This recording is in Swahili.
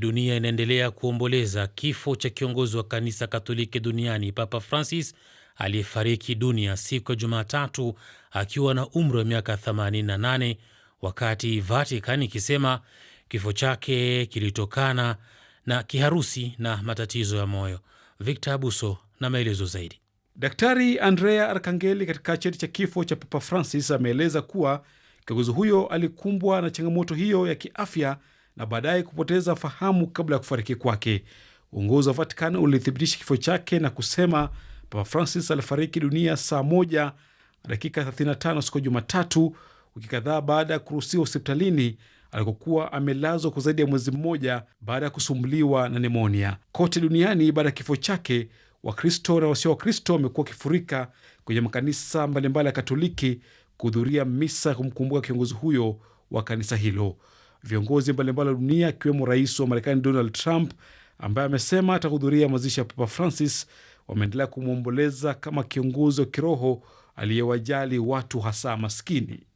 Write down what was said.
Dunia inaendelea kuomboleza kifo cha kiongozi wa kanisa Katoliki duniani Papa Francis aliyefariki dunia siku ya Jumatatu akiwa na umri wa miaka 88, wakati Vatican ikisema kifo chake kilitokana na kiharusi na matatizo ya moyo. Victor Abuso na maelezo zaidi. Daktari Andrea Arkangeli katika cheti cha kifo cha Papa Francis ameeleza kuwa kiongozi huyo alikumbwa na changamoto hiyo ya kiafya na baadaye kupoteza fahamu kabla ya kufariki kwake. Uongozi wa Vatican ulithibitisha kifo chake na kusema Papa Francis alifariki dunia saa moja dakika 35 siku ya Jumatatu, wiki kadhaa baada ya kuruhusiwa hospitalini alikokuwa amelazwa kwa zaidi ya mwezi mmoja baada ya kusumbuliwa na nemonia. Kote duniani baada ya kifo chake, Wakristo na wasio Wakristo wamekuwa wakifurika kwenye makanisa mbalimbali ya Katoliki kuhudhuria misa kumkumbuka kiongozi huyo wa kanisa hilo viongozi mbalimbali wa dunia akiwemo rais wa Marekani Donald Trump ambaye amesema atahudhuria mazishi ya Papa Francis wameendelea kumwomboleza kama kiongozi wa kiroho aliyewajali watu hasa maskini.